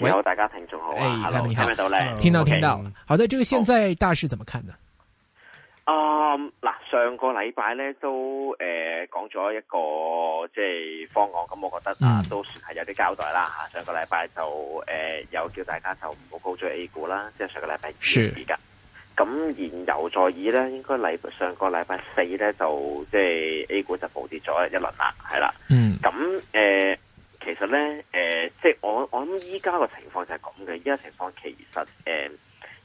你好，大家聽眾好、啊，大、哎、家你好，聽到 Hello,、okay、聽到，好在這個現在大市怎麼看呢？啊、嗯、嗱，上個禮拜咧都誒講咗一個即係方案，咁我覺得啊都算係有啲交代啦吓。上個禮拜就誒有叫大家就唔好高追 A 股啦，即係上個禮拜二嘅。咁然有在意咧，應該禮上個禮拜四咧就即係 A 股就暴跌咗一輪啦，係啦。嗯，咁誒。呃其實咧，誒、呃，即係我我諗依家個情況就係咁嘅，依家情況其實誒、呃、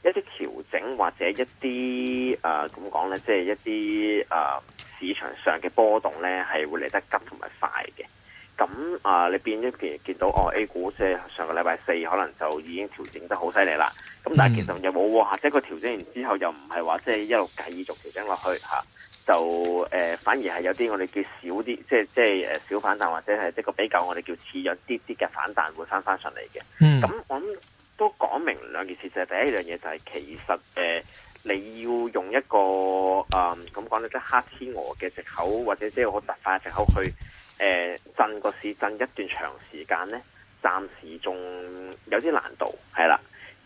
一啲調整或者一啲誒，點講咧，即係一啲誒、呃、市場上嘅波動咧，係會嚟得急同埋快嘅。咁啊、呃，你變咗見到哦，A 股即係上個禮拜四可能就已經調整得好犀利啦。咁、嗯、但係其實又冇吓，即係個調整完之後又唔係話即係一路繼續，繼續調整落去吓。啊就誒、呃，反而係有啲我哋叫少啲，即係即係誒小反彈，或者係即個比較我哋叫似有啲啲嘅反彈，會翻翻上嚟嘅。咁、嗯、我諗都講明兩件事，就係、是、第一樣嘢就係其實誒、呃，你要用一個誒咁講咧，即、嗯、黑天鵝嘅藉口，或者即係好突發嘅藉口去誒、呃、震個市，震一段長時間咧，暫時仲有啲難度，係啦。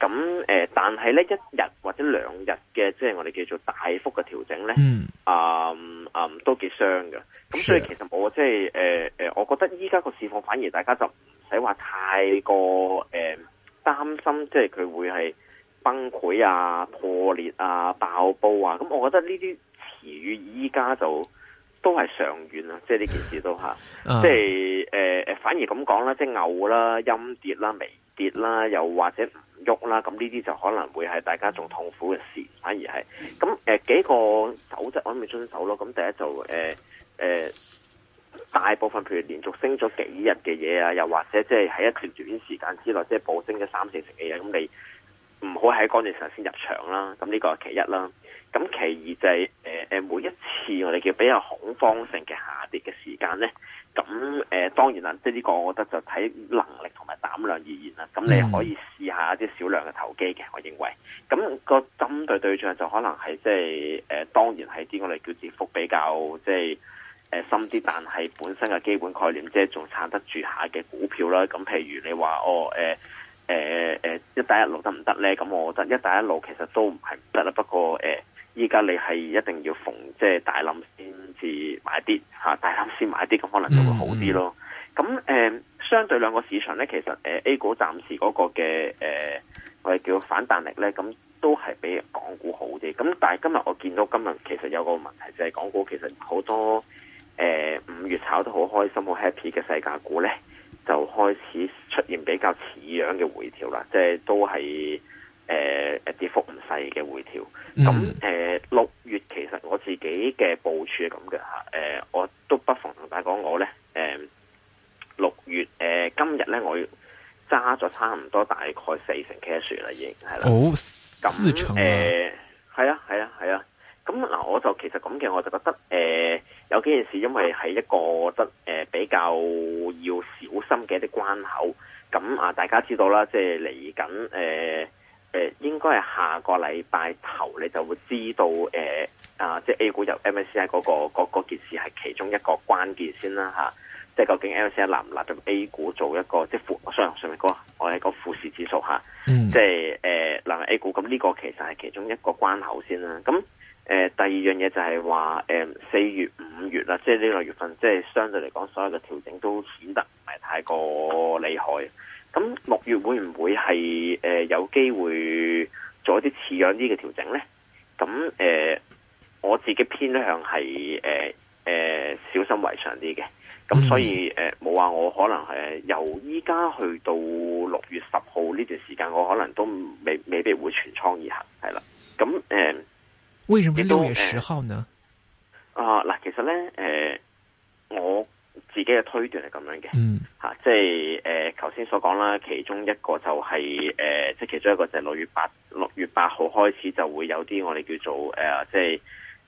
咁誒、呃，但係咧一日或者兩日嘅，即係我哋叫做大幅嘅調整咧，啊、嗯、啊、嗯，都幾傷嘅。咁、嗯、所以其實我即係誒誒，我覺得依家個市況反而大家就唔使話太過誒、呃、擔心，即係佢會係崩潰啊、破裂啊、爆煲啊。咁、嗯、我覺得呢啲詞語依家就都係常遠啊，即係呢件事都吓，即係誒誒，反而咁講啦，即係牛啦、啊、陰跌啦、尾跌啦，又或者唔喐啦，咁呢啲就可能會係大家仲痛苦嘅事，反而係咁誒幾個守則我諗要遵守咯。咁第一就誒誒、呃呃，大部分譬如連續升咗幾日嘅嘢啊，又或者即係喺一段短時間之內即係、就是、暴升咗三四成嘅嘢，咁你唔好喺嗰陣上先入場啦。咁呢個係其一啦。咁其二就係誒誒，每一次我哋叫比較恐慌性嘅下跌嘅時間咧，咁誒、呃、當然啦，即係呢個我覺得就睇能力同埋量而言啦，咁你可以試下一啲少量嘅投機嘅，我認為咁個針對對象就可能係即係誒，當然係啲我哋叫跌幅比較即係誒深啲，但係本身嘅基本概念，即係仲撐得住下嘅股票啦。咁譬如你話哦誒誒誒一帶一路得唔得咧？咁我覺得一帶一路其實都唔係唔得啦。不過誒，依家你係一定要逢即係大冧先至買啲吓，大冧先買啲咁可能就會好啲咯。嗯嗯咁誒、嗯，相對兩個市場咧，其實誒、呃、A 股暫時嗰個嘅誒、呃，我哋叫反彈力咧，咁、嗯、都係比港股好啲。咁但係今日我見到今日其實有個問題，就係、是、港股其實好多誒五、呃、月炒得好開心好 happy 嘅世界股咧，就開始出現比較似樣嘅回調啦。即係都係誒誒跌幅唔細嘅回調。咁誒六月其實我自己嘅部署係咁嘅吓。誒、呃，我都不妨同大家講我咧，誒、呃。月、呃、誒，今日咧，我揸咗差唔多大概四成 cash 啦，已經係啦。好、哦，四成誒，係啊，係、呃、啊，係啊。咁嗱、啊，啊、我就其實咁嘅，我就覺得誒、呃，有幾件事因為係一個我覺得誒、呃、比較要小心嘅一啲關口。咁啊，大家知道啦，即係嚟緊誒誒，應該係下個禮拜頭你就會知道誒啊、呃，即係 A 股入 MSCI 嗰、那個嗰件、那個那個那個、事係其中一個關鍵先啦吓。啊即係究竟 MSCI 納唔納入 A 股做一個即係富上上面嗰個我係個富時指數吓，即係誒納入 A 股，咁呢個其實係其中一個關口先啦、啊。咁誒、呃、第二樣嘢就係話誒四月五月啦、啊，即係呢兩月份，即係相對嚟講所有嘅調整都顯得唔係太過厲害。咁六月會唔會係誒、呃、有機會做一啲似樣啲嘅調整咧？咁誒、呃、我自己偏向係誒誒小心為上啲嘅。咁、嗯嗯、所以誒，冇、呃、話我可能係由依家去到六月十號呢段時間，我可能都未未必會全倉而行，係啦。咁、嗯、誒、呃，為什麼係六月十號呢？啊嗱、呃呃，其實呢，誒、呃，我自己嘅推斷係咁樣嘅，嗯吓、啊，即係誒，頭、呃、先所講啦，其中一個就係、是、誒、即、呃、係其中一個就係、是、六、呃、月八六月八號開始就會有啲我哋叫做誒、呃，即係誒、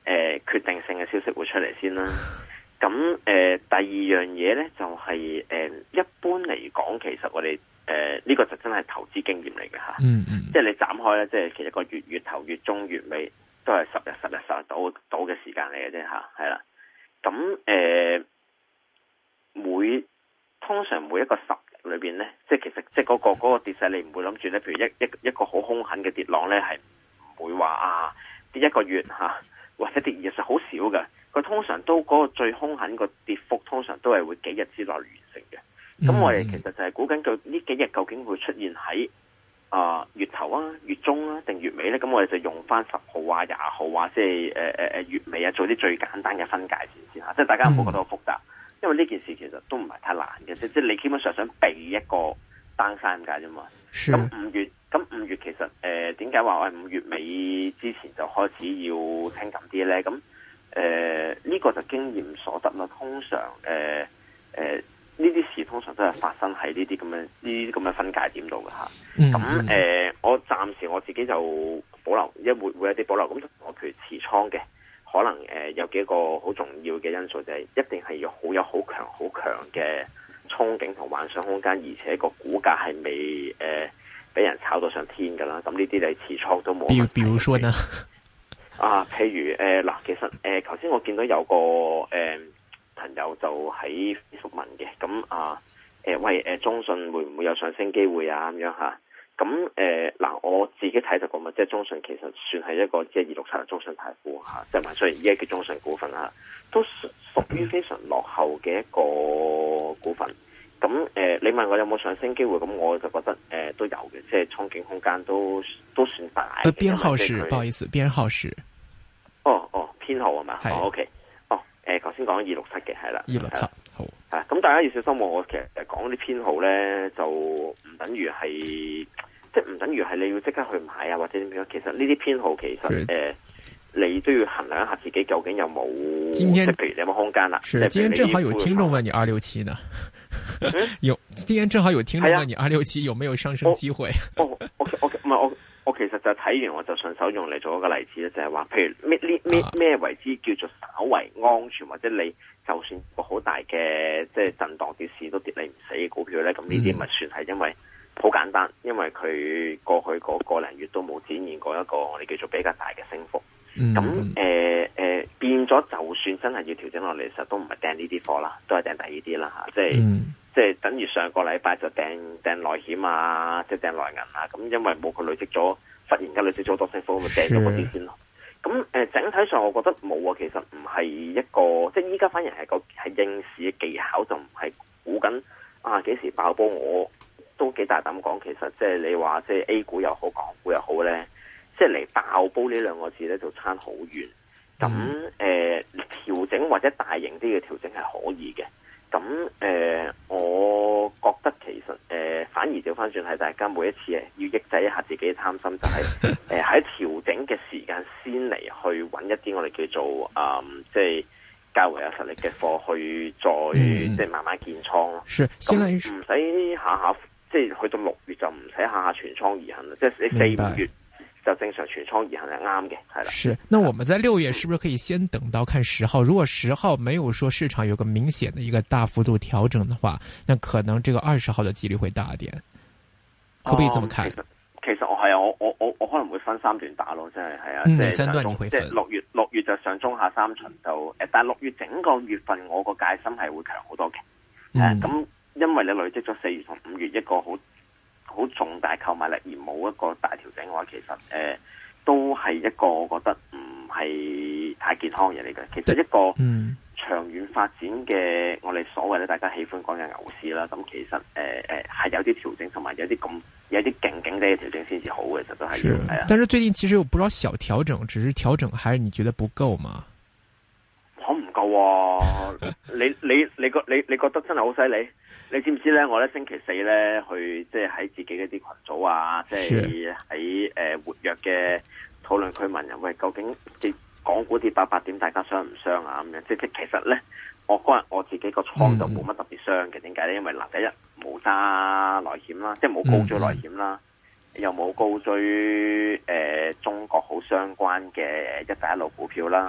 呃，決定性嘅消息會出嚟先啦。咁誒、呃，第二樣嘢咧就係、是、誒、呃，一般嚟講，其實我哋誒呢個就真係投資經驗嚟嘅吓，嗯嗯，即係你斬開咧，即係其實個月月頭月中月尾都係十日十日十日到嘅時間嚟嘅啫吓，係啦。咁誒、呃，每通常每一個十日裏邊咧，即係其實即係嗰、那個、那個跌勢，你唔會諗住咧，譬如一一一個好兇狠嘅跌浪咧、啊，係唔會話啊跌一個月吓，或者跌二十好少嘅。佢通常都嗰、那個最凶狠個跌幅，通常都係會幾日之內完成嘅。咁、嗯、我哋其實就係估緊佢呢幾日究竟會出現喺啊、呃、月頭啊月中啊定月尾咧？咁我哋就用翻十號啊廿號啊，即係誒誒誒月尾啊，做啲最簡單嘅分界線先吓，即係大家唔好覺得好複雜，嗯、因為呢件事其實都唔係太難嘅。即即係你基本上想避一個單三界啫嘛。咁五月咁五月其實誒點解話我誒五月尾之前就開始要聽緊啲咧？咁誒、呃，呢、這個就經驗所得啦。通常，誒、呃，誒、呃，呢啲事通常都係發生喺呢啲咁樣、呢啲咁樣分界點度噶吓。咁、嗯，誒、嗯嗯呃，我暫時我自己就保留，一會會有啲保留。咁我譬如持倉嘅，可能誒、呃，有幾個好重要嘅因素就係、是，一定係要好有好強、好強嘅憧憬同幻想空間，而且個股價係未誒俾、呃、人炒到上天噶啦。咁呢啲你持倉都冇要。比比如說呢？啊，譬如誒嗱、呃，其實誒，頭、呃、先我見到有個誒、呃、朋友就喺 Facebook 問嘅，咁啊誒，喂誒，中信會唔會有上升機會啊？咁樣吓，咁誒嗱，我自己睇就咁啊，即係中信其實算係一個即係二六七嘅中信泰富吓，即係咪？所以依家叫中信股份啦、啊，都屬屬於非常落後嘅一個股份。咁、嗯、誒、呃，你問我有冇上升機會，咁我就覺得誒、呃、都有嘅，即係憧憬空間都都算大。編、呃、號是，不好意思，編號是。哦哦，編號係嘛？係。O K。哦，誒，頭先講二六七嘅係啦，二六七。好。咁、嗯、大家要小心我，我其實講啲編號咧，就唔等於係，即係唔等於係你要即刻去買啊，或者點樣。其實呢啲編號其實誒、呃，你都要衡量一下自己究竟有冇，即係譬如你有冇空間啦、啊。是，有有、啊是。今天正好有聽眾問你二六七呢。 有， 今天正好有聽眾問你二六七有沒有上升機會？我我我我其實就睇完我就順手用嚟做一個例子咧，就係話，譬如咩咩咩為之叫做稍為安全或者你就算個好大嘅即係震盪跌市都跌你唔死嘅股票咧，咁呢啲咪算係？因為好簡單，因為佢過去嗰個零月都冇展現過一個我哋叫做比較大嘅升幅。咁誒誒變咗，就算真係要調整落嚟，其實都唔係掟呢啲貨啦，都係掟第二啲啦吓，即係。即係等於上個禮拜就掟掟內險啊，即係掟內銀啊，咁因為冇佢累積咗忽然間累積咗多些火，咪掟咗嗰啲先咯。咁誒、呃，整體上我覺得冇啊，其實唔係一個，即係依家反而係個係應試嘅技巧，就唔係估緊啊，幾時爆煲我。我都幾大膽講，其實說即係你話即係 A 股又好，港股又好咧，即係嚟，爆煲呢兩個字咧就差好遠。咁、嗯、誒、呃，調整或者大型啲嘅調整係可以嘅。咁誒、呃，我覺得其實誒、呃，反而調翻轉係大家每一次誒，要抑制一下自己嘅貪心，就係誒喺調整嘅時間先嚟去揾一啲我哋叫做誒、嗯，即係較為有實力嘅貨去再即係慢慢建倉咯、嗯。是，先唔使下下，即係去到六月就唔使下下全倉而行啦，即係四五月。就正常全倉而行係啱嘅，係啦。是，那我們在六月是不是可以先等到看十號？如果十號沒有說市場有個明顯的一個大幅度調整的話，那可能這個二十號的幾率會大一點，哦、可不可以這麼看？其實，其實我係啊，我我我我可能會分三段打咯、嗯，即係係啊，即係上中即係六月六月就上中下三旬就、呃、但係六月整個月份我個戒心係會強好多嘅。咁、嗯呃、因為你累積咗四月同五月一個好。好重大購買力而冇一個大調整嘅話，其實誒、呃、都係一個我覺得唔係太健康嘅嘢嚟嘅。其實一個長遠發展嘅我哋所謂咧，大家喜歡講嘅牛市啦，咁其實誒誒係有啲調整，同埋有啲咁有啲勁勁啲嘅調整先至好嘅。其實都係，係啊。但係最近其實有唔少小調整，只是調整，還是你覺得不夠嘛？我唔夠、啊， 你你你覺你你覺得真係好犀利？你知唔知咧？我咧星期四咧去，即係喺自己嗰啲群組啊，即係喺誒活躍嘅討論區問人喂，究竟跌港股跌八百點，大家傷唔傷啊？咁樣即係其實咧，我嗰日我自己個倉就冇乜特別傷嘅。點解咧？因為嗱，第一冇揸內險啦，即係冇高追內險啦，又冇高追誒、呃、中國好相關嘅一帶一路股票啦。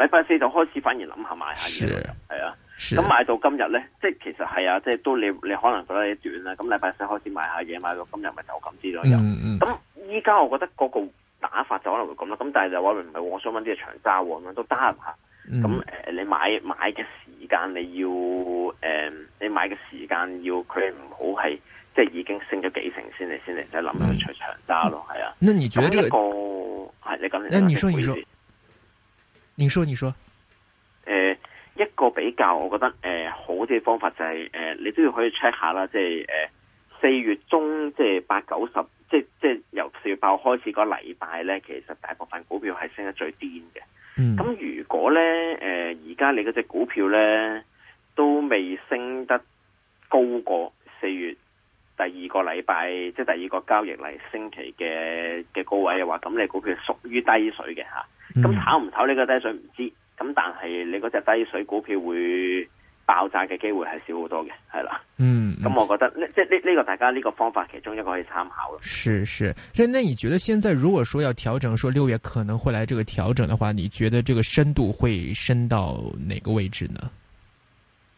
禮拜四就開始反而諗下買下嘢，係啊，咁買到今日咧，即係其實係啊，即係都你你可能覺得短啦，咁禮拜四開始買下嘢，買到今日咪就咁之左右。咁依家我覺得個打法就可能會咁啦，咁但係就話唔係，我想問啲長揸咁樣都加入下。咁、嗯、誒、嗯嗯，你買買嘅時間你要誒、嗯，你買嘅時間要佢唔好係即係已經升咗幾成先嚟先嚟，就諗住長揸咯，係、嗯、啊。呢、這個係、嗯嗯、你咁、這個啊？你你你說，你說，誒，一個比較，我覺得誒好啲嘅方法就係，誒，你都要可以 check 下啦，即係，誒，四月中即係八九十，即係即係由四月八號開始個禮拜咧，其實大部分股票係升得最癲嘅。嗯，咁如果咧，誒，而家你嗰隻股票咧都未升得高過四月。第二個禮拜即係第二個交易嚟星期嘅嘅高位嘅話，咁你的股票屬於低水嘅吓。咁炒唔炒呢個低水唔知道，咁但係你嗰隻低水股票會爆炸嘅機會係少好多嘅，係啦。嗯，咁我覺得呢、嗯、即係呢呢個大家呢個方法其中一個可以參考咯。是是，即係那你覺得現在如果說要調整，說六月可能會來這個調整的話，你覺得這個深度會深到哪個位置呢？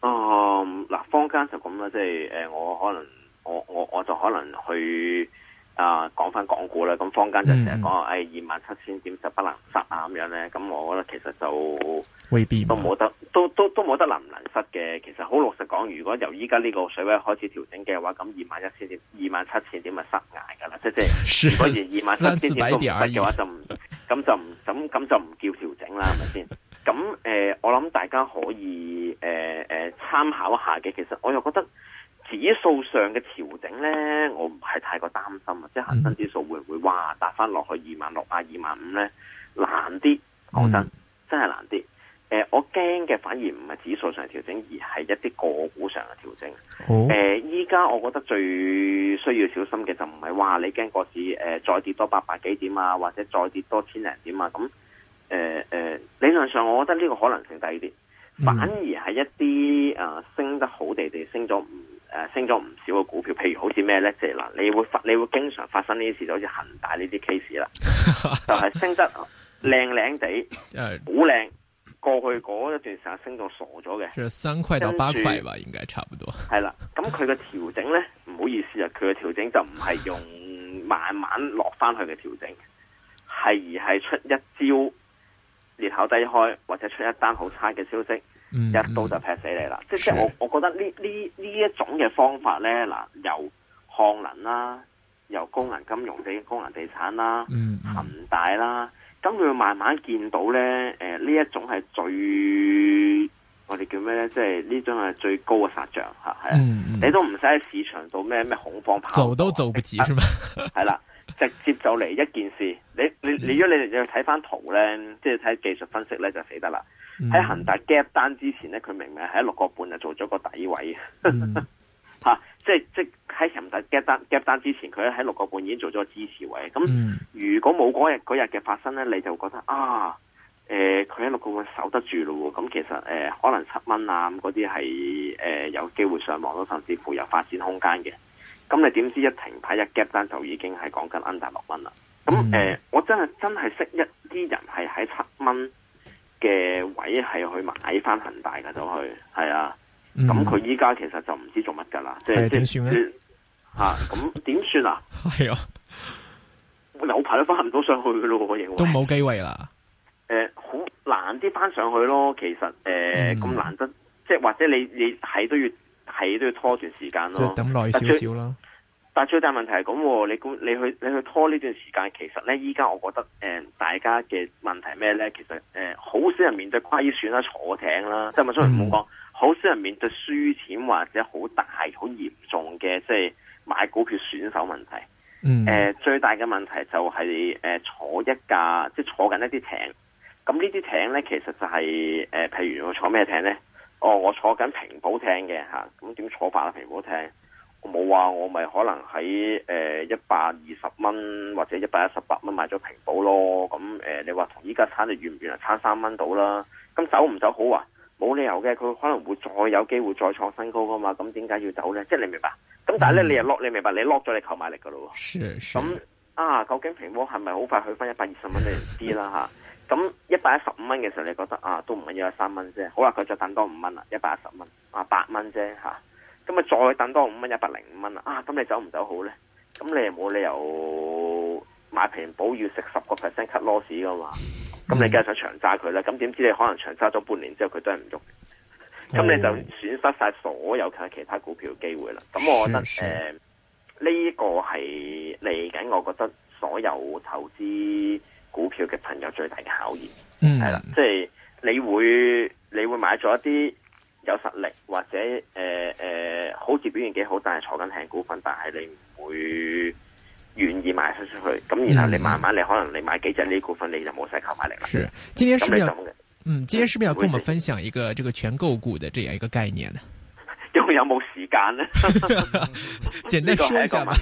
嗯，嗱，坊間就咁啦，即係誒、呃，我可能。我我我就可能去啊講翻港股啦，咁坊間就成日講話，誒二萬七千點就不能失啊咁樣咧，咁我覺得其實就未必，都冇得，都都都冇得能唔能失嘅。其實好老實講，如果由依家呢個水位開始調整嘅話，咁二萬一千點、二萬七千點咪失崖噶啦，即係所以二萬七千點咁失嘅話就唔，咁就唔咁就唔叫調整啦，係咪先？咁誒、呃，我諗大家可以誒誒參考一下嘅。其實我又覺得。指數上嘅調整咧，我唔係太過擔心啊！即係恒生指數會唔會、嗯、話，打翻落去二萬六啊，二萬五咧，難啲、嗯呃，我覺得真係難啲。誒，我驚嘅反而唔係指數上嘅調整，而係一啲個股上嘅調整。誒、哦，依、呃、家我覺得最需要小心嘅就唔係話，你驚個市誒再跌多八百幾點啊，或者再跌多千零點啊，咁誒誒，理論上我覺得呢個可能性低啲，反而係一啲誒、呃、升得好地地升咗。誒、啊，升咗唔少嘅股票，譬如好似咩咧，即係嗱，你會發，你會經常發生呢啲事，就好似恒大呢啲 case 啦， 就係升得靚靚地，好 靚。過去嗰一段時間升傻了、就是、到傻咗嘅，即係三塊到八塊吧，應該差唔多。係 啦，咁佢嘅調整呢，唔好意思啊，佢嘅調整就唔係用慢慢落翻去嘅調整，係 而係出一招，裂口低開或者出一單好差嘅消息。一刀就劈死你啦、嗯嗯！即即我我覺得呢呢呢一種嘅方法咧，嗱由漢能啦，由工銀金融啲工銀地產啦，恒大啦，咁、嗯、佢、嗯、慢慢見到咧，誒、呃、呢一種係最我哋叫咩咧？即係呢種係最高嘅殺象吓，係、嗯、啊、嗯！你都唔使喺市場度咩咩恐慌跑，跑，走都走不及，係啦， 直接就嚟一件事，你你你、嗯、如果你要睇翻圖咧，即係睇技術分析咧，就死得啦。喺恒大 gap down 之前咧，佢明明喺六個半就做咗個底位，吓、 mm. 啊，即係即係喺恒大 gap down gap down 之前，佢喺六個半已經做咗個支持位。咁如果冇嗰日嗰日嘅發生咧，你就覺得啊，誒、呃，佢喺六個半守得住咯。咁其實誒、呃，可能七蚊啊嗰啲係誒有機會上望咯，甚至乎有發展空間嘅。咁你點知一停牌一 gap down 就已經係講緊 under 六蚊啦。咁誒、mm. 呃，我真係真係識一啲人係喺七蚊。嘅位係去買翻恒大嘅，就去係啊。咁佢依家其實就唔知做乜噶啦，即係點算咧？吓咁點算啊？係啊，啊 啊那個、有排都翻唔到上去噶咯，我認為都冇機會啦。誒，好難啲翻上去咯。其實誒咁、呃嗯、難得，即係或者你你係都要係都要拖段時間咯，就是、等耐少少啦。但最大問題係咁、哦，你你去你去拖呢段時間，其實咧依家我覺得，誒、呃、大家嘅問題咩咧？其實誒好、呃、少人面對虧損啦、坐艇啦，即係咪？所唔好講，好少人面對輸錢或者好大、好嚴重嘅，即、就、係、是、買股票損手問題。誒、嗯呃、最大嘅問題就係、是、誒、呃、坐一架，即係坐緊一啲艇。咁呢啲艇咧，其實就係、是、誒、呃，譬如我坐咩艇咧？哦，我坐緊平保艇嘅嚇。咁、啊、點坐法啊？平保艇？冇話，我咪可能喺誒一百二十蚊或者一百一十八蚊買咗平保咯，咁誒你話同依家差，你遠唔遠啊？差三蚊到啦，咁走唔走好啊？冇理由嘅，佢可能會再有機會再創新高噶嘛，咁點解要走呢？即係你明白？咁但係咧，你又 lock 你明白？你 lock 咗你購買力噶咯喎。是是。咁啊，究竟平保係咪好快去返一百二十蚊？你唔知啦嚇。咁一百一十五蚊嘅時候，你覺得啊，都唔緊要啊，三蚊啫。好啊，佢再等多五蚊啊，一百一十蚊啊，八蚊啫嚇。咁咪再等多五蚊，一百零五蚊啊！啊，咁你走唔走好呢？咁你又冇理由買平保要食十個 percent cut loss 噶嘛？咁你梗係想長揸佢啦，咁點知你可能長揸咗半年之後，佢都係唔喐。咁、嗯、你就損失晒所有其他其他股票嘅機會啦。咁我覺得誒，呢、呃這個個係嚟緊，我覺得所有投資股票嘅朋友最大嘅考驗。嗯，係、呃、啦、嗯，即係你會你會買咗一啲。有實力或者誒誒、呃呃，好似表現幾好，但係坐緊靚股份，但係你唔會願意賣出出去。咁然後你慢慢你，你、嗯、可能你買幾隻呢啲股份，你就冇使求買力啦。是，今天是咪要嗯，嗯，今天是不是要跟我們分享一個這個全購股的這樣一個概念呢？又有冇時間呢？簡單說一下吧，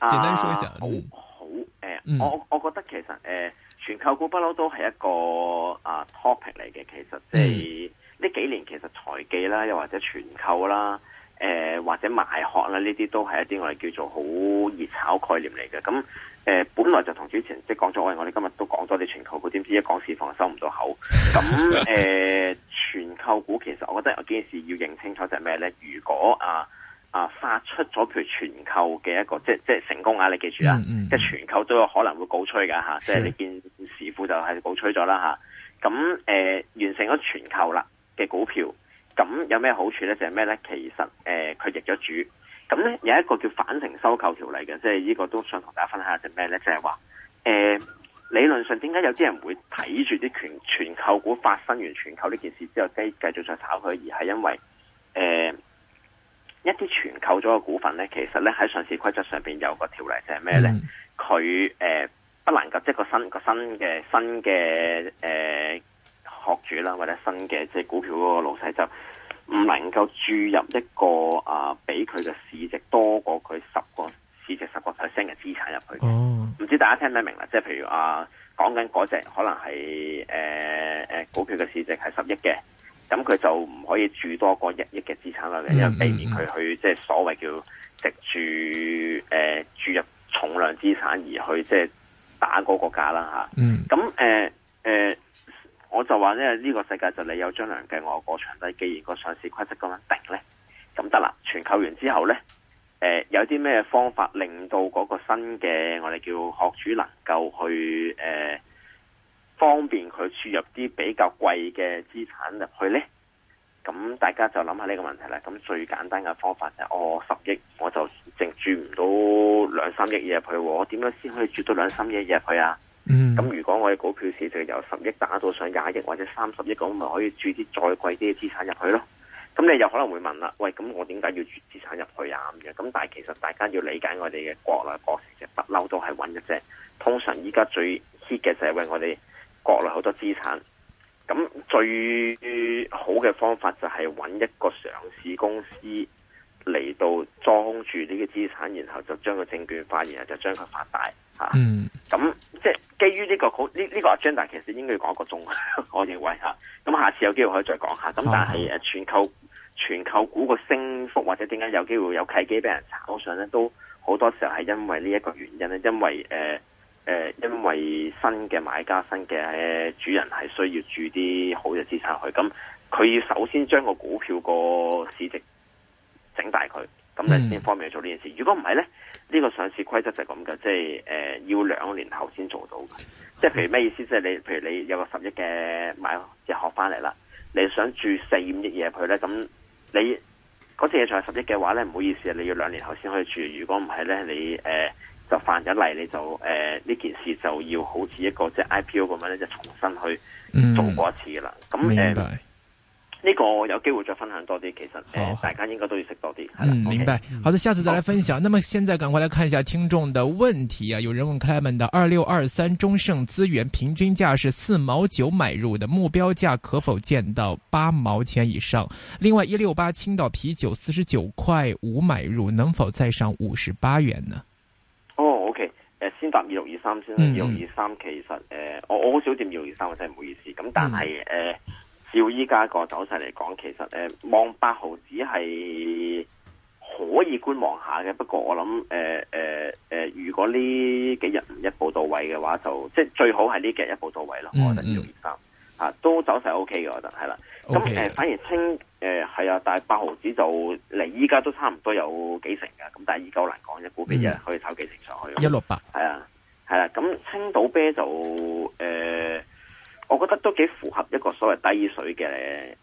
簡單說一下、嗯嗯啊嗯。好，誒、呃，我我覺得其實誒、呃，全購股不嬲都係一個啊 topic 嚟嘅，其實即係。嗯。呢幾年其實財技啦，又或者全購啦，誒、呃、或者賣殼啦，呢啲都係一啲我哋叫做好熱炒概念嚟嘅。咁誒、呃、本來就同主持人即係講咗，我哋今日都講多啲全購股，點知一講市況收唔到口。咁 誒、呃、全購股其實我覺得有件事要認清楚就係咩咧？如果啊啊發出咗譬如全購嘅一個，即係即係成功啊！你記住啊， 即係全購都有可能會告吹噶吓、啊。即係你見時富就係告吹咗啦吓。咁、啊、誒、啊呃、完成咗全購啦。嘅股票，咁有咩好處呢？就係、是、咩呢？其實誒，佢、呃、易咗主，咁呢，有一個叫反程收購條例嘅，即係呢個都想同大家分享下，就咩、是、呢？就係話誒，理論上點解有啲人會睇住啲全全購股發生完全購呢件事之後，繼繼續再炒佢？而係因為誒、呃，一啲全購咗嘅股份呢，其實呢喺上市規則上邊有個條例，就係、是、咩呢？佢、嗯、誒、呃，不能夠即係個新、那個新嘅新嘅誒。呃托主啦，或者新嘅即係股票嗰個老細就唔能夠注入一個啊，比佢嘅市值多過佢十個市值十個 percent 嘅資產入去嘅。唔、oh. 知道大家聽得明啦？即係譬如啊，講緊嗰隻可能係誒誒，股票嘅市值係十億嘅，咁佢就唔可以注多過一億嘅資產落去，mm-hmm. 因為避免佢去即係、就是、所謂叫籍住誒注入重量資產而去即係打嗰個價啦吓。咁誒誒。Mm-hmm. 我就話呢個世界就你有張良計，我有過牆梯。既然個上市規則咁樣定呢，咁得啦。全購完之後呢，呃、有啲咩方法令到嗰個新嘅我哋叫學主能夠去誒、呃，方便佢注入啲比較貴嘅資產入去呢？咁大家就諗下呢個問題啦。咁最簡單嘅方法就係我十億，我就淨注唔到兩三億嘢入去。我點樣先可以注到兩三億嘢入去啊？嗯，咁如果我哋股票市值就由十億打到上廿億或者三十億，咁咪可以注啲再貴啲嘅資產入去咯。咁你又可能會問啦，喂，咁我點解要注資產入去啊？咁樣，咁但係其實大家要理解我哋嘅國內股市，就不嬲都係揾一隻。通常依家最 hit 嘅就係我哋國內好多資產。咁最好嘅方法就係揾一個上市公司嚟到裝住呢啲資產，然後就將佢證券化，然後就將佢發大。嗯，咁、 啊、即係基於呢、這個好呢呢個 agenda，其實應該要講一個鐘，我認為吓。咁、啊、下次有機會可以再講下。咁、啊啊、但係誒，全球全球股個升幅或者點解有機會有契機俾人炒上咧，都好多時候係因為呢一個原因咧，因為誒誒、呃呃，因為新嘅買家、新嘅、呃、主人係需要住啲好嘅資產去，咁、啊、佢要首先將個股票個市值整大佢，咁你先方便做呢件事。 如果唔係咧。呢、這個上市規則就咁嘅，即係誒、呃、要兩年後先做到嘅。即係譬如咩意思？即係你譬如你有個十億嘅買隻殼翻嚟啦，你想注四五億嘢入去咧，咁你嗰隻嘢仲有十億嘅話咧，唔好意思啊，你要兩年後先可以注。如果唔係咧，你誒、呃、就犯咗例，你就誒呢、呃、件事就要好似一個即係 IPO 咁樣咧，就重新去做過一次啦。咁、嗯、誒。呢、這個我有機會再分享多啲，其實誒、呃，大家應該都要識多啲。嗯，明白、okay, 嗯。好的，下次再來分享、嗯。那麼現在趕快來看一下聽眾的問題啊！有人問 Clement 的二六二三中盛資源平均價是四毛九買入的，目標價可否見到八毛錢以上？另外一六八青島啤酒四十九塊五買入，能否再上五十八元呢？哦，OK，誒、呃，先答二六二三先 2623,、嗯。二六二三其實誒、呃，我我好少掂二六二三，我 2623, 真係唔好意思。咁、嗯、但係誒。呃要依家個走勢嚟講，其實誒、呃，望八毫紙係可以觀望下嘅。不過我諗，誒誒誒，如果呢幾日唔一步到位嘅話就，就即係最好係呢幾日一步到位咯、嗯。我覺得二三，吓、嗯啊、都走勢 O K 嘅，我覺得係啦。咁誒、okay. 呃，反而青誒係啊，但係八毫紙就嚟，依家都差唔多有幾成㗎。咁但係依家好難講，一股幾日可以炒幾成上去？一六八係啊，係啦。咁青島啤就誒。呃我覺得都幾符合一個所謂低水嘅誒、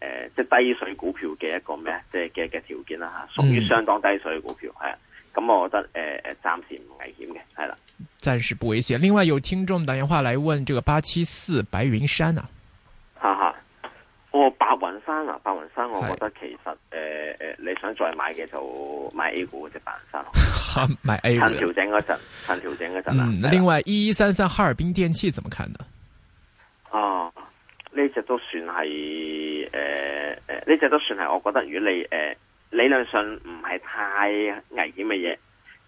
呃，即係低水股票嘅一個咩，即係嘅嘅條件啦吓，屬於相當低水嘅股票係，咁、嗯、我覺得誒誒、呃、暫時唔危險嘅係啦，暫時不危險。另外有聽眾打電話嚟問這個八七四白雲山啊，哈哈，哦白雲山啊白雲山，我覺得其實誒誒、呃、你想再買嘅就買 A 股嘅，就是、白雲山，吓 買 A 股，趁調整嗰陣，趁調整嗰陣啦。嗯，另外一一三三哈爾濱電器怎麼看呢？隻都算係誒誒，呢、呃、隻都算係我覺得，如果你誒理論上唔係太危險嘅嘢，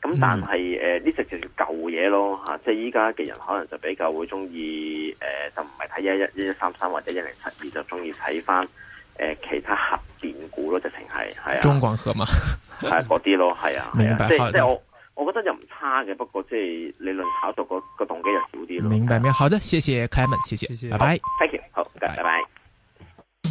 咁但係誒呢隻就舊嘢咯吓，即係依家嘅人可能就比較會中意誒，就唔係睇一一一一三三或者一零七二就中意睇翻誒其他核電股咯，直情係係啊，中廣核嘛，係嗰啲咯，係啊，係啊，即係即係我。哈哈我覺得又唔差嘅，不過即係理論炒作個個動機就少啲咯。明白明白，好的，謝謝 Clement 謝謝，拜拜，thank you，好，thank you。拜拜。